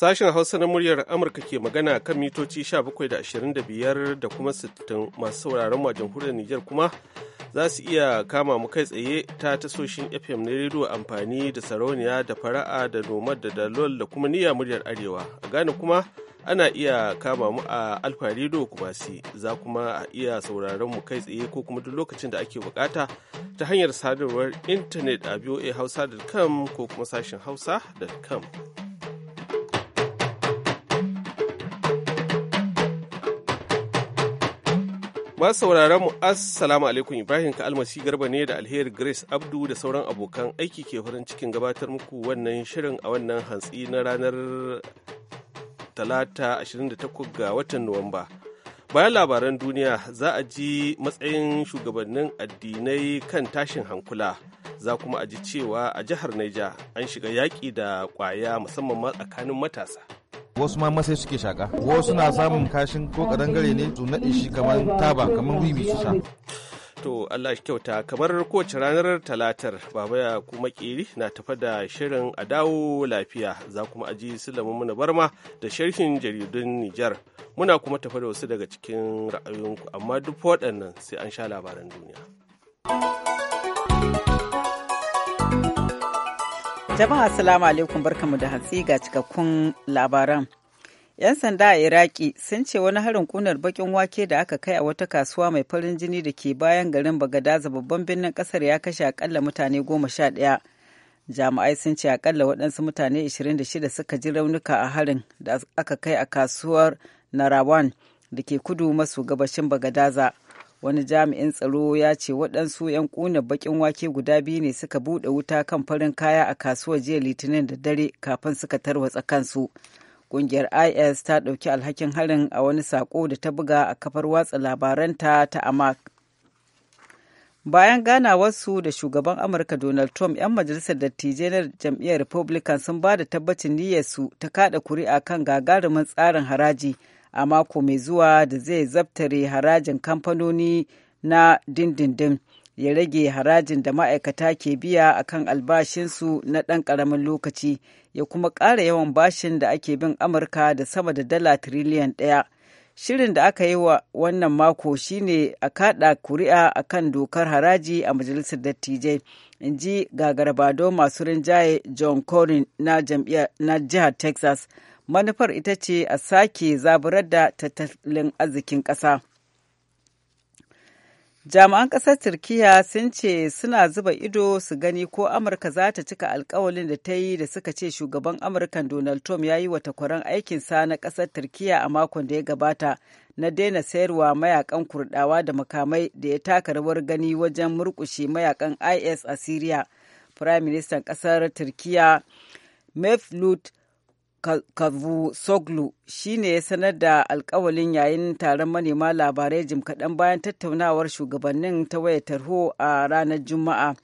Sashen Hausa na muryar Amurka ke magana kan mitoci 17 da 25 da kuma 60 masu sauraron wajen jamhuriyar Nijar kuma za su iya kama mu kai tsaye ta tasoshin FM na rediyo amfani da sarauniya da fara'a da nomad da dalol da kuma niyya muryar Arewa. A Ghana kuma ana iya kama mu a Alfa kuma si za kuma a iya sauraron mu kai tsaye ko kuma duk lokacin da ake bukata ta hanyar sadarwar intanet a voahausa.com ko kuma sashen hausa.com. Masu sauraron mu assalamu alaikum Ibrahim ka almasi garba ne da alheri Grace Abdu da sauran abokan aiki ke farin cikin gabatar muku wannan shirin a wannan hantsi na ranar talata 28 ga watan Nuwamba. Bayan labaran duniya za a ji matsayin shugabannin addinai kan tashin hankula. Za kuma a ji cewa a jihar Naija an shiga yaƙi da ƙwaya musamman ma tsakanin matasa. wasu ma masai suke shaka wasu na samun kashin ko kadangare ne su shi kamar taba kamar wiwi su sha To Allah shi kyauta kamar kowace ranar talatar baba ya kuma kiri na tafa da shirin a dawo lafiya za kuma aji silamin muna barma da sharhin jaridun Nijar muna kuma tafa da wasu daga cikin ra'ayoyinku amma duk waɗannan sai an sha labaran duniya. Jama'a Assalamu alaikum barkamu da hatsi ga cikakkun labaran. 'Yan sanda a Iraki sun ce wani harin kunar bakin wake da aka kai a wata kasuwa mai farin jini da ke bayan garin Bagadaza babban birnin kasar ya kashe akalla mutane goma sha ɗaya. Jami'ai sun ce akalla waɗansu mutane 26 suka ji raunuka a harin da aka kai a kasuwar Narawan da ke kudu maso gabashin Bagadaza. wani jami'in tsaro ya ce waɗansu 'yan ƙuna baƙin wake guda biyu ne suka buɗe wuta kan farin kaya a kasuwar jiya litinin da dare kafin suka tarwatsa kansu ƙungiyar is ta ɗauki alhakin harin a wani sako da ta buga a kafar watsa labaranta ta amak bayan ganawarsu da shugaban amurka donald trump 'yan majalisar dattijai na jam'iyyar republican sun ba da tabbacin su ta kaɗa kuri'a kan gagarumin tsarin haraji a mako mai zuwa da zai zabtare harajin kamfanoni na dindindin ya rage harajin da ma'aikata ke biya a kan albashinsu na ɗan ƙaramin lokaci ya kuma ƙara yawan bashin da ake bin amurka da sama da dala tiriliyan ɗaya shirin da aka yi wa wannan mako shine a kaɗa kuri'a a kan dokar haraji a majalisar dattijai in ji ga gagarabado masu rinjaye john corin na jihar texas manufar ita ce a sake zaburar da tattalin arzikin ƙasa. Jami'an ƙasar Turkiyya sun ce suna zuba ido su gani ko Amurka za ta cika alkawalin da ta yi da suka ce shugaban Amurkan Donald Trump ya yi wa takwaran aikinsa na ƙasar Turkiyya a makon da ya gabata na daina sayarwa mayakan kurdawa da makamai da ya taka rawar gani wajen murƙushe mayakan IS a Siriya. Firayim Ministan ƙasar Turkiyya Mevlut Cavusoglu shi ne ya sanar da alkawalin yayin taron manema labarai jim kaɗan bayan tattaunawar shugabannin ta wayar tarho a ranar Juma'a.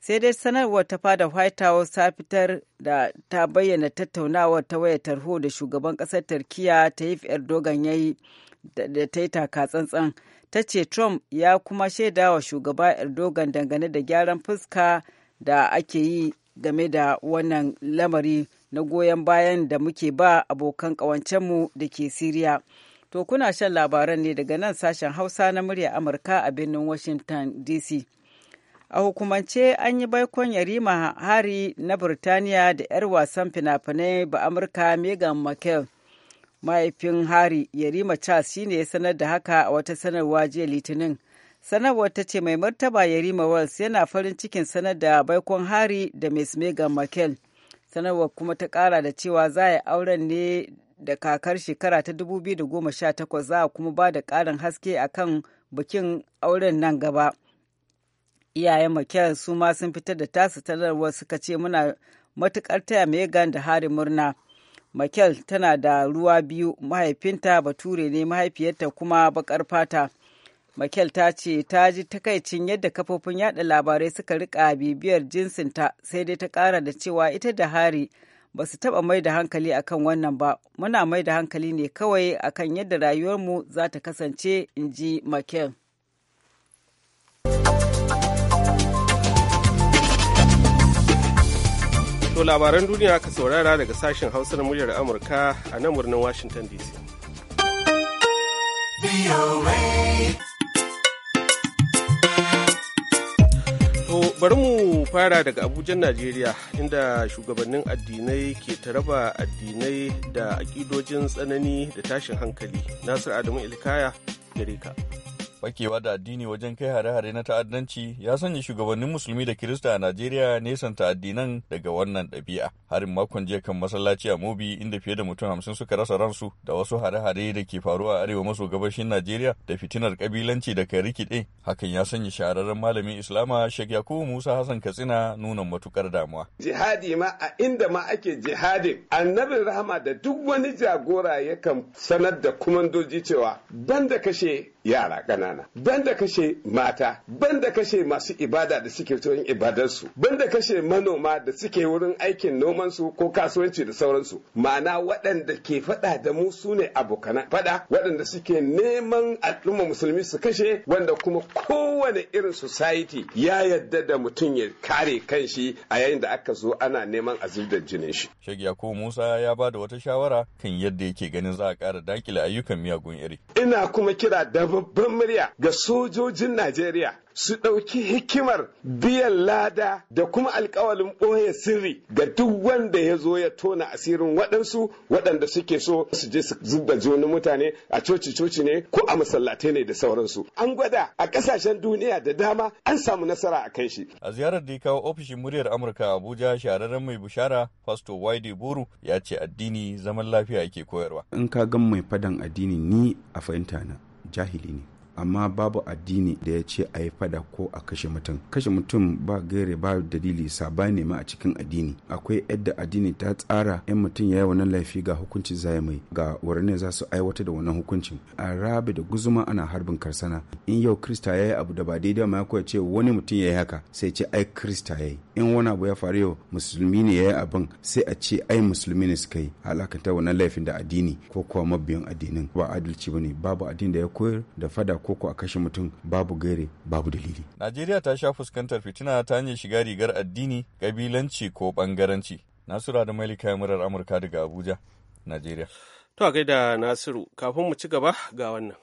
Sai dai sanarwar ta fada White House ta fitar da ta bayyana tattaunawar ta wayar tarho da shugaban ƙasar Turkiyya yi Erdogan ya yi da ta yi taka tsantsan. Ta ce Trump ya kuma shaida wa shugaba Erdogan dangane da gyaran fuska da ake yi game da wannan lamari na goyon bayan da muke ba abokan ƙawancenmu da ke Siriya. To kuna shan labaran ne daga nan sashen Hausa na murya Amurka a birnin Washington DC. A hukumance an yi baikon yarima hari na burtaniya da 'yar wasan fina-finai ba Amurka Megan Markel. Mahaifin hari yarima Charles shine ya sanar da haka a wata sanarwa jiya Litinin. Sanarwar ta ce mai martaba yarima Wells yana farin cikin sanar da baikon hari da Miss Megan Markel. sanarwar kuma ta kara da cewa za a auren ne da kakar shekara ta 2018 za a kuma ba da karin haske a kan bikin auren nan gaba iyayen makel su ma sun fitar da tasu sanarwar suka ce muna matukar taya megan da hari murna makel tana da ruwa biyu mahaifinta bature ne mahaifiyarta kuma bakar fata Makel ta ce ta ji takaicin yadda kafofin yada labarai suka rika bibiyar jinsinta sai dai ta kara da cewa ita da hari ba su taba mai da hankali akan wannan ba muna mai da hankali ne kawai akan yadda rayuwarmu za ta kasance in ji Makel. To labaran duniya aka saurara daga sashen hausar muryar Amurka a nan birnin Washington DC. To bari mu fara daga Abuja Najeriya inda shugabannin addinai ke taraba addinai da aƙidojin tsanani da tashin hankali. Nasir Adamu Ilkaya gare ka. Fakewa da addini wajen kai hare-hare na ta'addanci ya sanya shugabannin musulmi da Kirista a Najeriya nesan ta'addinan daga wannan ɗabi'a. Harin makon jiya kan masallaci a Mobi inda fiye da mutum hamsin suka rasa ransu da wasu hare-hare da ke faruwa a arewa maso gabashin Najeriya da fitinar kabilanci da kai rikide. Hakan ya sanya shahararren malamin Islama shek Yakubu Musa Hassan Katsina nuna matukar damuwa. Jihadi ma a inda ma ake jihadi annabin rahama da duk wani jagora yakan sanar da kumandoji cewa banda kashe yara ƙanana. rana banda kashe mata banda kashe masu ibada da suke wurin ibadarsu banda kashe manoma da suke wurin aikin nomansu ko kasuwanci da sauransu ma'ana waɗanda ke faɗa da mu su ne abokan faɗa waɗanda suke neman al'umma musulmi su kashe wanda kuma kowane irin society ya yadda da mutum ya kare kanshi a yayin da aka zo ana neman da jinin shi. shagiya ko Musa ya ba da wata shawara kan yadda yake ganin za a ƙara dakile ayyukan miyagun iri. Ina kuma kira da babban murya Najeriya ga sojojin Najeriya su ɗauki hikimar biyan lada da kuma alkawalin ɓoye sirri ga duk wanda ya zo ya tona asirin waɗansu waɗanda suke so su je su zuba joni mutane a coci-coci ne ko a masallatai ne da sauransu. An gwada a ƙasashen duniya da dama an samu nasara a kan shi. A ziyarar da ya kawo ofishin muryar Amurka Abuja shahararren mai bishara Pastor Wide Boru ya ce addini zaman lafiya yake koyarwa. In ka gan mai fadan addini ni a fahimta na jahili ne. amma babu addini da ya ce a yi fada ko a kashe mutum kashe mutum ba gare ba dalili sabani ma a cikin addini akwai yadda addini ta tsara yan mutum ya yi wannan laifi ga hukunci zai mai ga wurin za su aiwatar da wannan hukuncin a rabe da guzuma ana harbin karsana in yau krista ya yi abu da ba daidai ma ya ce wani mutum ya yi haka sai ce ai krista ya yi in wani abu ya faru yau musulmi ne ya yi abin sai a ce ai musulmi ne suka yi alakanta wannan laifin da addini ko kuwa mabiyan addinin ba adalci ba ne babu addini da ya koyar da fada ko a kashe mutum babu gaire babu dalili. Najeriya ta sha fuskantar fitina ta hanyar shiga rigar addini, ƙabilanci ko bangaranci. Nasura da Malika murar Amurka daga Abuja, Najeriya. To a gaida Nasiru, kafin mu ci gaba ga wannan.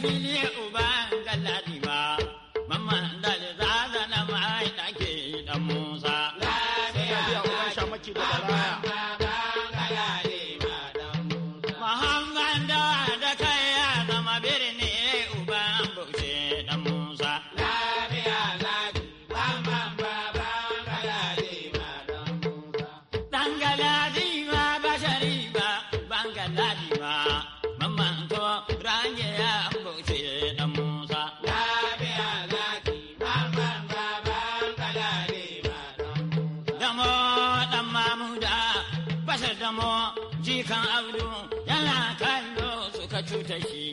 Familia Jackie.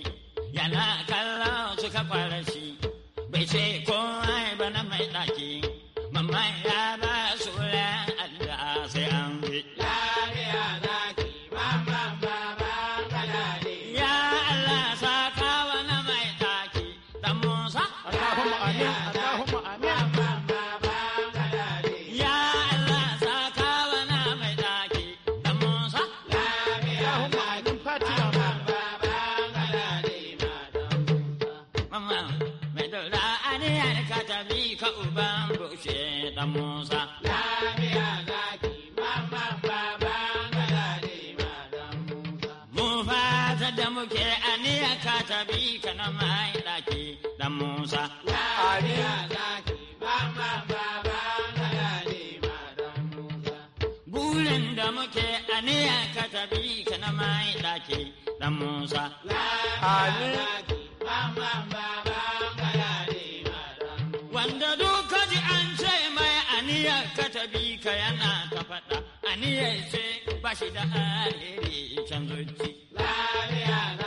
kaji an ce mai aniyar ka bi ka yana ta faɗa aniyar ce ba shi da alheri can zuci. Lafiya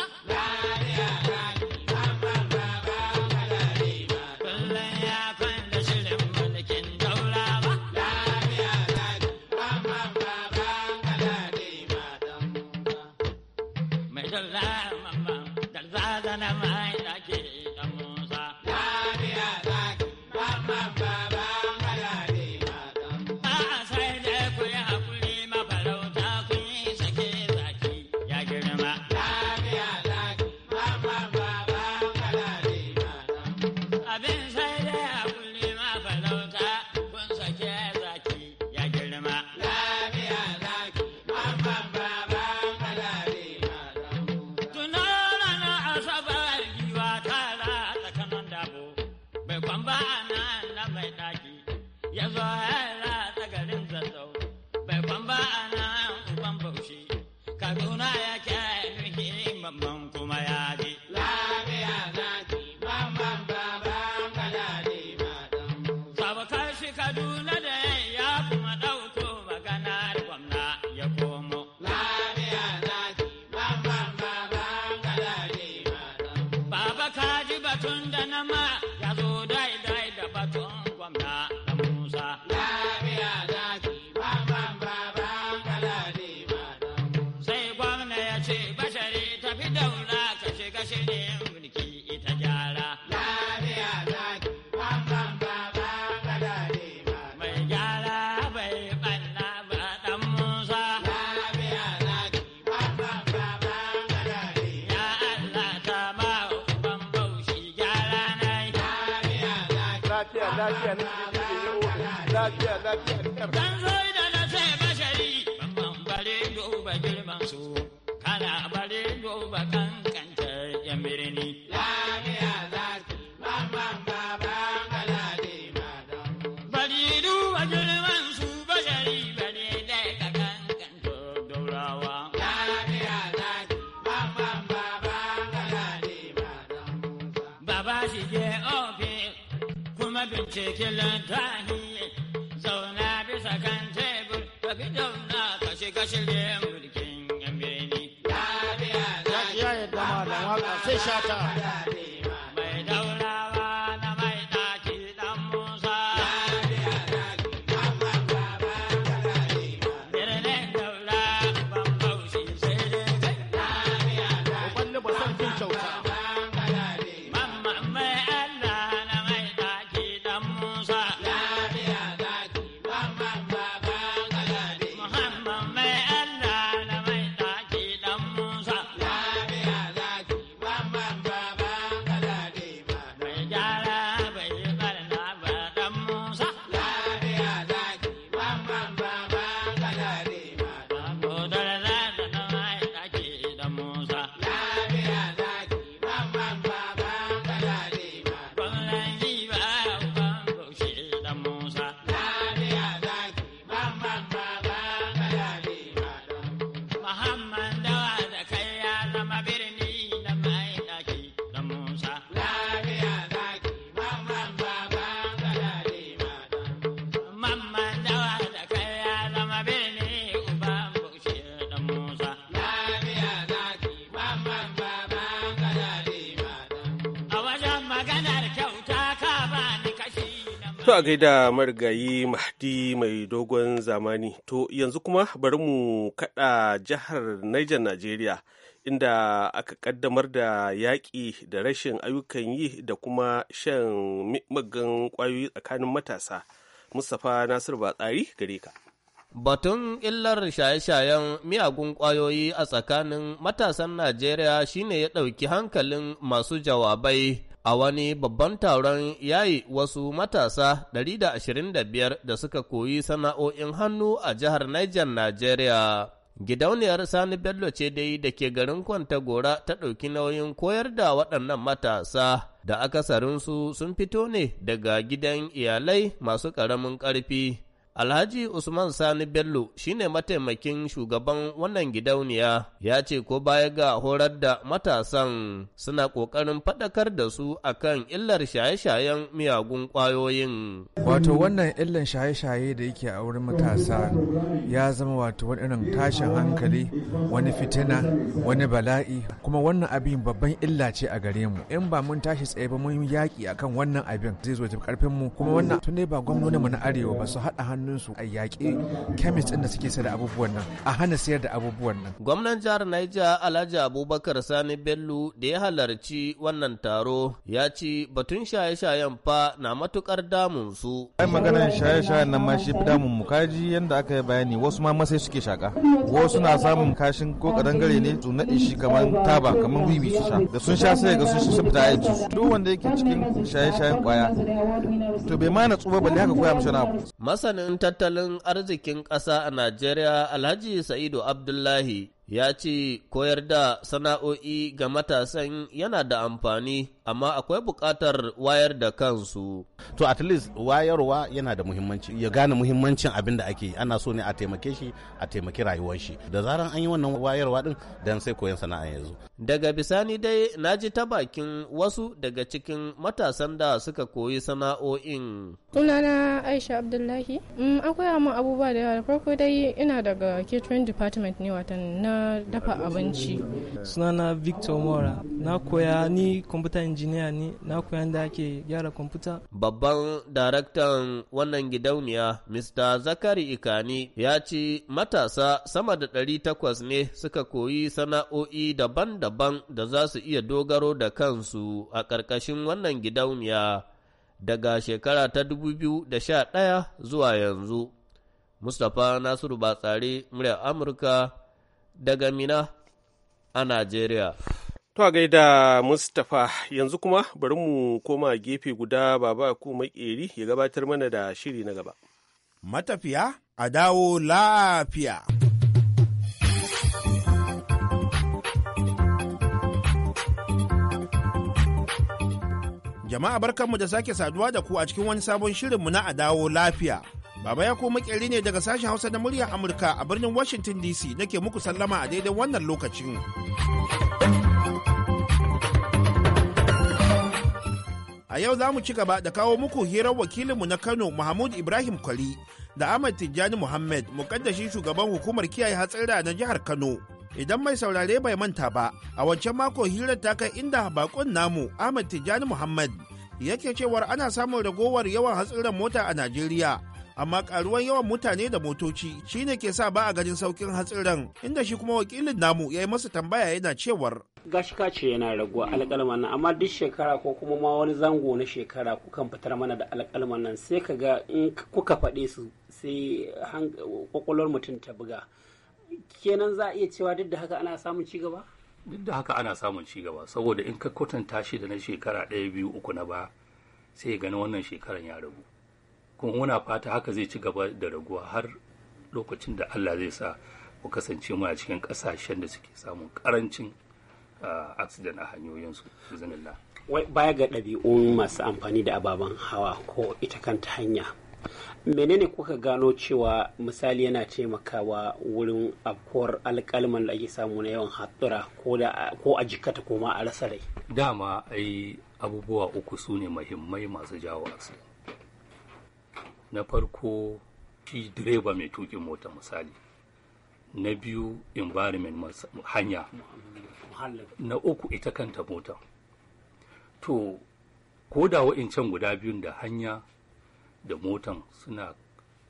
Karuna lafiya lafiya lafiya. Dan zo da na sai bashari, mamman bare duba girman su, kana bare duba kankanta ya birni. Lafiya zaki, mamman baba kalade madam. Bari duba girman su bashari bane da ka kankanta daurawa. Lafiya zaki, mamman baba kalade madam. Baba shi je ofis kuma binciken lantarki. shirye mulkin yan beni. Lafiya, lafiya. Lafiya, lafiya. Lafiya, lafiya. To a gaida marigayi Mahdi mai dogon zamani. To yanzu kuma bari mu kaɗa jihar Niger Najeriya inda aka ƙaddamar da yaƙi da rashin ayyukan yi da kuma shan magan ƙwayoyi tsakanin matasa. Mustapha Nasiru Batsari gare ka. Batun illar shaye-shayen miyagun ƙwayoyi a tsakanin matasan Najeriya shine ya ɗauki hankalin masu jawabai a wani babban taron yayi wasu matasa 125 da suka koyi sana'o'in hannu a jihar Niger, Najeriya. Gidauniyar Sani Bello ce dai da ke garin kwanta gora ta ɗauki nauyin koyar da waɗannan matasa da akasarinsu sun fito ne daga gidan iyalai masu ƙaramin ƙarfi. Alhaji Usman Sani Bello shine mataimakin shugaban wannan gidauniya ya ce ko baya ga horar da matasan suna ƙoƙarin faɗakar da su akan illar shaye-shayen miyagun ƙwayoyin. Wato wannan illar shaye-shaye da yake a wurin matasa ya zama wato wani irin tashin hankali wani fitina wani bala'i kuma wannan abin babban illa ce a gare mu in ba mun tashi tsaye ba mun yaƙi akan wannan abin zai zo karfin mu kuma wannan tun ba mu na arewa ba su haɗa hannu hannunsu a yaƙi kemis ɗin da suke sayar da abubuwan nan a hana sayar da abubuwan nan. Gwamnan jihar Niger Alhaji Abubakar Sani Bello da ya halarci wannan taro ya ci batun shaye-shayen fa na matukar damun su. Ai maganar shaye-shayen nan ma shi fi damun mu kaji yadda aka yi bayani wasu ma masai suke shaka wasu na samun kashin ko kadangare ne su naɗe shi kamar taba kamar wiwi su sha da sun sha sai ga sun shi su fita aiki duk wanda yake cikin shaye-shayen kwaya to bai ma natsu ba balle haka koya mishi na abu. Masanin masanin tattalin arzikin ƙasa a Najeriya Alhaji Sa'idu Abdullahi ya ce koyar da sana'o'i ga matasan yana da amfani amma akwai bukatar wayar da kansu. To at least wayarwa yana da muhimmanci ya gane muhimmancin abin da ake ana so ne a taimake shi a taimaki rayuwar shi da zaran an yi wannan wayarwa din dan sai koyon sana'a ya Daga bisani dai na ji ta bakin wasu daga cikin matasan da suka koyi sana'o'in. Sunana Aisha Abdullahi. akwai mm, amma abubuwa da yawa farko dai ina daga catering department ne watan na dafa abinci. Sunana Victor Mora na koya ni computer injiniya ne na koyan da ake gyara kwamfuta. Babban daraktan wannan gidauniya Mr. Zakari Ikani ya ce matasa sama da ɗari takwas ne suka koyi sana'o'i daban-daban da za su iya dogaro da kansu a ƙarƙashin wannan gidauniya daga shekara ta 2011 zuwa yanzu. Mustapha Nasiru Batsari, murya Amurka daga Mina a Najeriya. To gaida Mustapha yanzu kuma bari mu koma gefe guda baba ku makeri ya gabatar mana da shiri na gaba. Matafiya a dawo lafiya. Jama'a barkanmu da sake saduwa da ku a cikin wani sabon shirinmu na a dawo lafiya. Baba ya koma ƙeri ne daga sashen Hausa na muryar Amurka a birnin Washington DC nake muku sallama a daidai wannan lokacin. A yau za mu ci gaba da kawo muku hirar wakilinmu na Kano Mahmud Ibrahim Kwali da Ahmad Tijjani Muhammad mukaddashin shugaban hukumar kiyaye hatsari na jihar Kano. Idan mai saurare bai manta ba, a wancan mako hirar ta kai inda bakon namu Ahmad Tijjani Muhammad yake cewar ana samun ragowar yawan hatsarin mota a Najeriya amma karuwan yawan mutane da motoci shi ne ke sa ba a ganin saukin hatsiran inda shi kuma wakilin namu ya yi masa tambaya yana cewar gashi ce yana raguwa alƙalman nan amma duk shekara ko kuma ma wani zango na shekara kukan fitar mana da alƙalman nan sai ka ga in kuka faɗe su sai kwakwalwar mutum ta buga kenan za a iya cewa duk da haka ana samun ci gaba duk da haka ana samun ci gaba saboda in ka kwatanta shi da na shekara ɗaya biyu uku na ba sai gani wannan shekaran ya ragu kuma muna fata haka zai ci gaba da raguwa har lokacin da allah zai sa ku kasance muna cikin ƙasashen da suke samun ƙarancin accident a hanyoyinsu izinillah baya ga ɗabi'un masu amfani da ababen hawa ko ita kanta hanya menene kuka gano cewa misali yana taimakawa wurin afkuwar alkalman da ake samu na yawan hatsura ko a jikata ko ma a rasa rai dama ai abubuwa uku su ne mahimmai masu jawo accident na farko shi direba mai tukin mota misali na biyu environment hanya na uku ita kanta mota to ko da wa'incan guda biyun da hanya da motan suna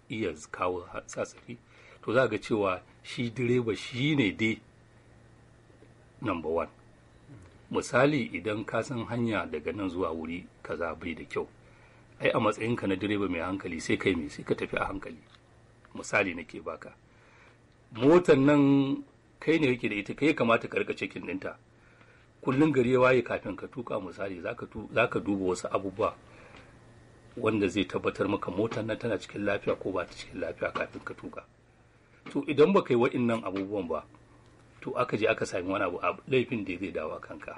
iya kawo tsatsafi to za ga cewa shi direba shi ne dai number one misali idan ka san hanya daga nan zuwa wuri kaza bai da kyau ai a matsayinka na direba mai hankali sai kai mai sai ka tafi a hankali misali nake baka Motan nan kai ne yake da ita kai kamata ka rika cikin ɗinta kullum gari ya waye kafin ka tuka misali za ka duba wasu abubuwa wanda zai tabbatar maka Motan nan tana cikin lafiya ko ba ta cikin lafiya kafin ka tuka to idan ba kai nan abubuwan ba to aka je aka sami wani abu laifin da zai dawa kanka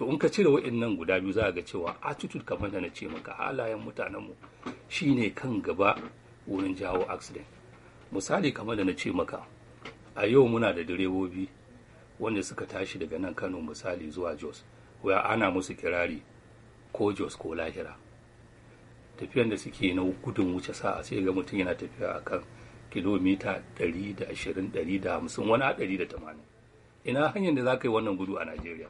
to in ka cire wa'annan guda biyu za ga cewa attitude kamar da na ce maka halayen mutanenmu shine kan gaba wurin jawo accident misali kamar da na ce maka a yau muna da direbobi wanda suka tashi daga nan kano misali zuwa jos waya ana musu kirari ko jos ko lahira tafiyan da suke na gudun wuce sa'a sai ga mutum yana tafiya a kan kilomita 120 150 wani da 180 ina hanyar da za ka yi wannan gudu a najeriya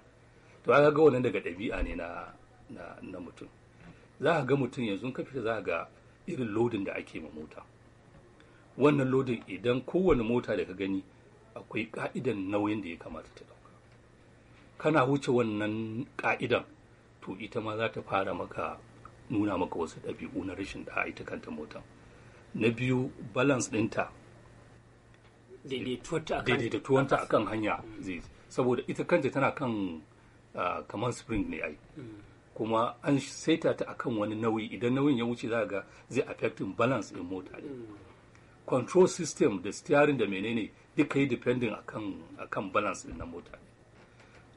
to ga ga wannan daga ɗabi'a ne na mutum za ga mutum yanzu ka fita za ga irin lodin da ake ma mota wannan lodin idan kowane mota da ka gani akwai ka'idan nauyin da ya kamata ta dauka kana wuce wannan ka'idan to ita ma za ta fara maka nuna maka wasu ɗabi'u na rashin da ita kanta mota na biyu balance ɗinta daidaituwanta akan hanya mm. saboda ita kanta tana kan kamar spring ne ai kuma an saita ta akan wani nauyi idan nauyin ya wuce za ga zai affecting balance in mota ne control system da steering da menene duka yi depending akan akan balance din na mota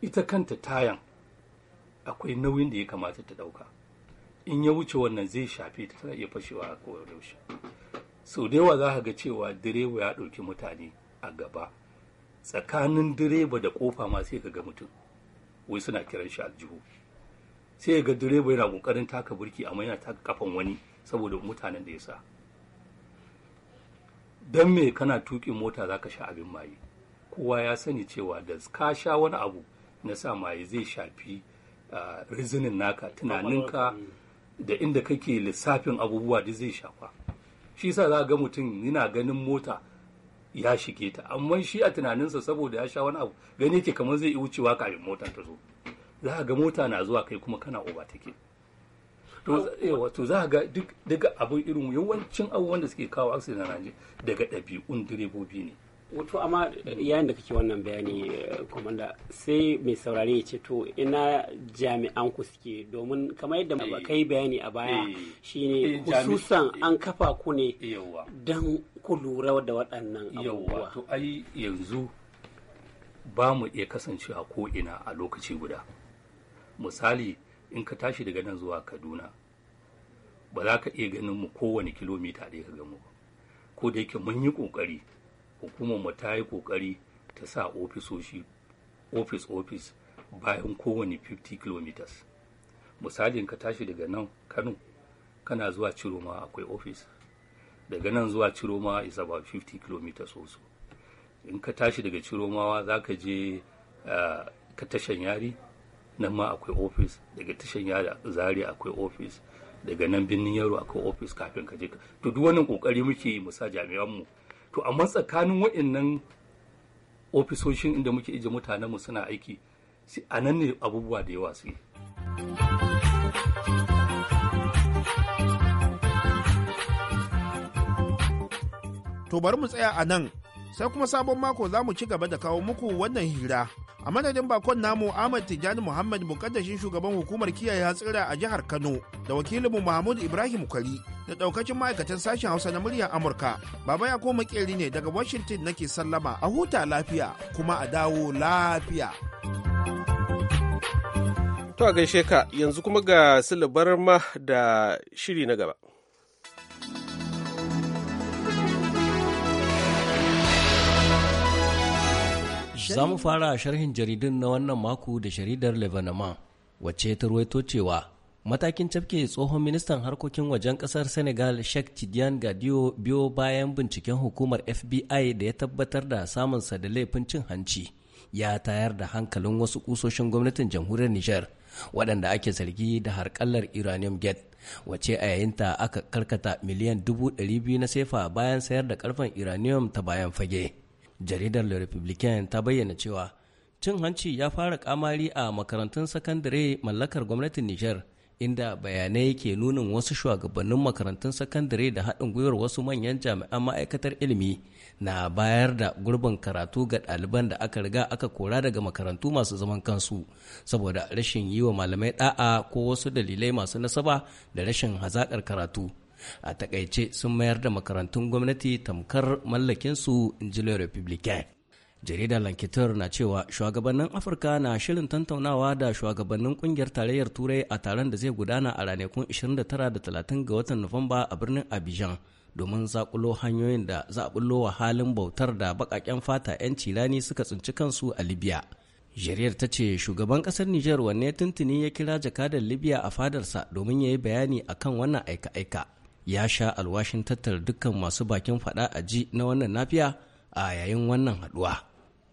ita kanta tayan akwai nauyin da ya kamata ta dauka in ya wuce wannan zai shafe ta tana iya fashewa ko yaushe sau da yawa za ka ga cewa direba ya ɗauki mutane a gaba tsakanin direba da kofa ma sai ka ga mutum wai suna kiran shi aljihu sai ga direba yana kokarin taka burki amma yana taka kafan wani saboda mutanen da ya sa don me kana tukin mota zaka sha abin maye kowa ya sani cewa da ka sha wani abu na sa maye zai shafi rizinin naka tunaninka da inda kake lissafin abubuwa da zai shafa shi sa za ga mutum yana ganin mota ya shige ta amma shi a tunaninsa saboda ya sha wani abu gani yake kamar zai wucewa kafin motar ta zo za ga mota na zuwa kai kuma kana uba take to za ga duk daga abin irin yawancin abubuwan da suke kawo accident na daga ɗabi'un direbobi ne wato amma yayin da kake wannan bayani komanda eh, sai mai saurari ya ce to ina jami'an ku suke domin kamar yadda kai bayani a baya eh. shine eh, hususan an kafa ku ne don ku lura da waɗannan abubuwa to ai yanzu ba mu iya kasancewa ko ina a lokaci guda misali in ka tashi daga nan zuwa kaduna ba za ka iya ganin mu kowane kilomita ɗaya ka gamu ba ko da yake mun yi ƙoƙari hukumar mu ta yi kokari ta sa ofisoshi office office bayan kowane 50 kilometers misalin ka tashi daga nan kano kana zuwa ciroma akwai office daga nan zuwa ciroma is about 50 kilometers also in ka tashi daga ciromawa za ka je ka eh, tashan yari nan ma akwai ofis daga tashan yari zari akwai ofis daga nan birnin yaro akwai ofis kafin ka je to duk wannan kokari muke yi musa jami'an mu to amma tsakanin waɗannan ofisoshin inda muke ije mu suna aiki a nan ne abubuwa da yawa su to bari mu tsaya a nan sai kuma sabon mako za mu ci gaba da kawo muku wannan hira a madadin bakon namu ahmad tijjani muhammad mukaddashin shugaban hukumar kiyaye hatsira a jihar kano da wakilinmu mahmud ibrahim kwari da daukacin ma'aikatan sashen hausa na muryar amurka baba ya koma makeri ne daga washington nake sallama a huta lafiya kuma a dawo lafiya to a gaishe ka yanzu kuma ga silbar ma da shiri na gaba Za mu fara sharhin jaridun na wannan mako da jaridar Lebanon wacce ta ruwaito cewa matakin cafke tsohon ministan harkokin wajen kasar Senegal Sheikh Tidiane Gadio biyo bayan binciken hukumar FBI da ya tabbatar da samun sa da laifin cin hanci ya tayar da hankalin wasu kusoshin gwamnatin jamhuriyar niger waɗanda ake zargi da harkallar Iranium Gate wace a yayinta aka karkata miliyan dubu ɗari biyu na sefa bayan sayar da karfen Iranium ta bayan fage. jaridar le republican ta bayyana cewa cin hanci ya fara kamari a makarantun sakandare mallakar gwamnatin niger inda bayanai ke nunin wasu shugabannin makarantun sakandare da haɗin gwiwar wasu manyan jami'an ma'aikatar ilimi na bayar da gurbin karatu ga ɗaliban da aka riga aka kora daga makarantu masu zaman kansu saboda rashin yi wa malamai ɗa'a ko wasu dalilai masu nasaba da rashin hazaƙar karatu a takaice sun mayar da makarantun gwamnati tamkar mallakinsu in republican jaridar lankitar na cewa shugabannin afirka na shirin tantaunawa da shugabannin kungiyar tarayyar turai a taron da zai gudana a ranakun 29 da 30 ga watan nuwamba a birnin abidjan domin zakulo hanyoyin da za a wa halin bautar da bakaken fata 'yan cirani suka tsinci kansu a libya jariyar ta ce shugaban ƙasar Nijar wanne tuntuni ya kira jakadar libya a fadarsa domin ya yi bayani akan wannan aika-aika ya sha alwashin tattara dukkan masu bakin fada a ji na wannan nafiya a yayin wannan haduwa.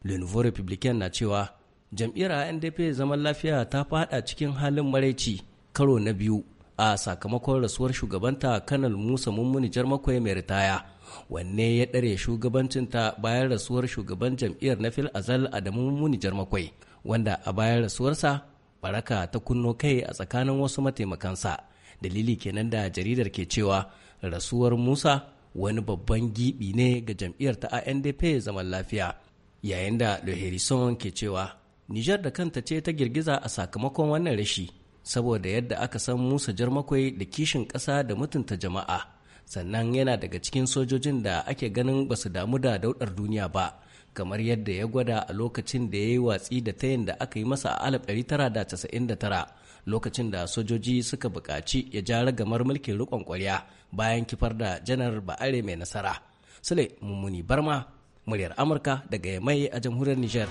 Le Nouveau Republican na cewa jam'iyyar NDP zaman lafiya ta fada cikin halin maraici karo na biyu a sakamakon rasuwar shugabanta Kanal Musa Mummuni Jarmakwai mai ritaya. Wanne ya ɗare shugabancinta bayan rasuwar shugaban jam'iyyar Nafil Azal Adamu Mummuni Jarmakwai, wanda a bayan rasuwarsa baraka ta kunno kai a tsakanin wasu mataimakansa. dalili kenan da jaridar ke cewa rasuwar musa wani babban gibi ne ga jam'iyyar ta ANDP zaman lafiya yayin da Harrison ke cewa Nijar da kanta ce ta girgiza a sakamakon wannan rashi saboda yadda aka san Musa Jarmakwai da kishin ƙasa da mutunta jama'a sannan yana daga cikin sojojin da ake ganin basu damu da daudar duniya ba kamar yadda ya gwada a lokacin da ya yi watsi da tayin da aka yi masa a 1999 lokacin da sojoji suka bukaci ya ja ragamar mulkin rikon ƙwarya bayan kifar da janar ba'are mai nasara sule mummuni barma muryar amurka daga yamai a jamhuriyar niger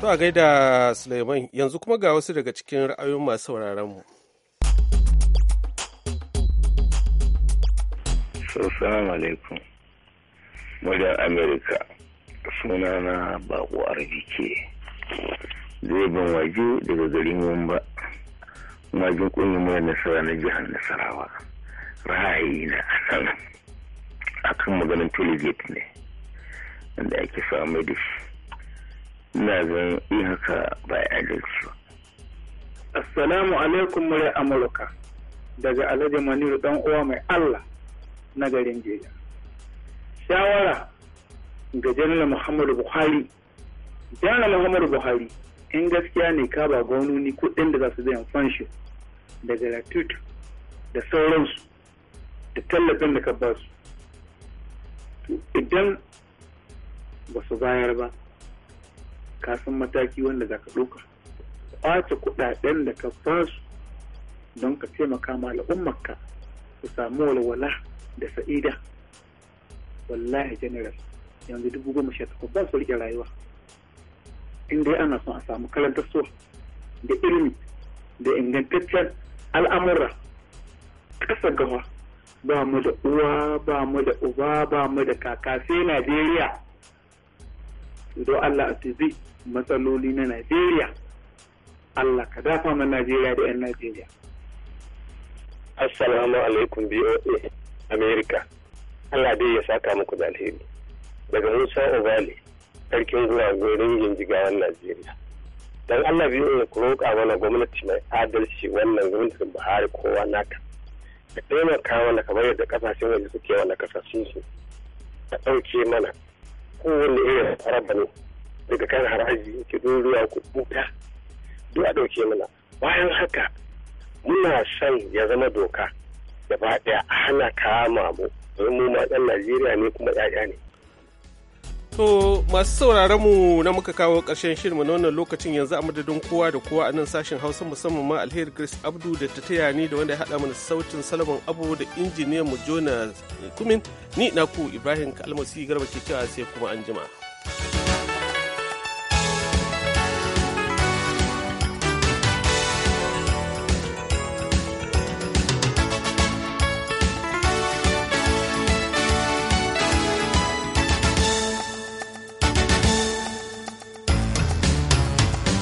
to a gaida sulaiman yanzu kuma ga wasu daga cikin ra'ayoyin masu sauraron mu wajen alaikum. Muryar na Sunana Bako Arbike. zai waje daga garin wamba majin kunyi mai nasara na jihar nasarawa ra'ayi na a kan maganin toligate ne wanda ake samu da shi ina zan yi haka ba adalci ba assalamu alaikum murai amurka daga alhaji maniru dan uwa mai allah na garin jeja shawara ga janar muhammadu buhari janar muhammadu buhari in gaskiya ne ka ba gwamnoni kuɗin da za su biyan fanshi da gratut da sauransu da tallafin da ka ba su idan ba su bayar ba ka san mataki wanda za ka ɗauka ɓace kuɗaɗen da ka ba su don ka taimaka ma al'ummarka su samu walwala da sa'ida wallahi general yanzu dubu goma sha takwas ba su rike rayuwa in dai ana son a samu karantar so da ilimi da ingantaccen al'amura kasa gawa ba mu da uwa ba mu da uba ba mu da kaka sai najeriya don allah a tuzi matsaloli na najeriya allah ka dafa ma najeriya da 'yan najeriya assalamu alaikum boa america allah dai ya saka muku da alheri daga musa ovale sarkin zuwa ringin jigawan najeriya don allah biyu ya ku roƙa mana gwamnati mai adalci wannan gwamnatin buhari kowa naka ka taimaka mana kamar yadda kasashen waje suke wa nakasassun su ka ɗauke mana wani irin araba ne daga kan haraji ki ruwa ku buta duk a ɗauke mana bayan haka muna son ya zama doka gaba ɗaya a hana kama mu mu ma ɗan najeriya ne kuma 'ya'ya ne To masu sauraron mu na muka kawo ƙarshen shirin na wannan lokacin yanzu a madadin kowa da kowa a nan sashen Hausa musamman ma Alheri Grace Abdu da ta taya ni da wanda ya haɗa mana sautin Salomon Abu da injiniyan mu Jonas Kumin ni naku Ibrahim Kalmasi Garba ke cewa sai kuma anjima.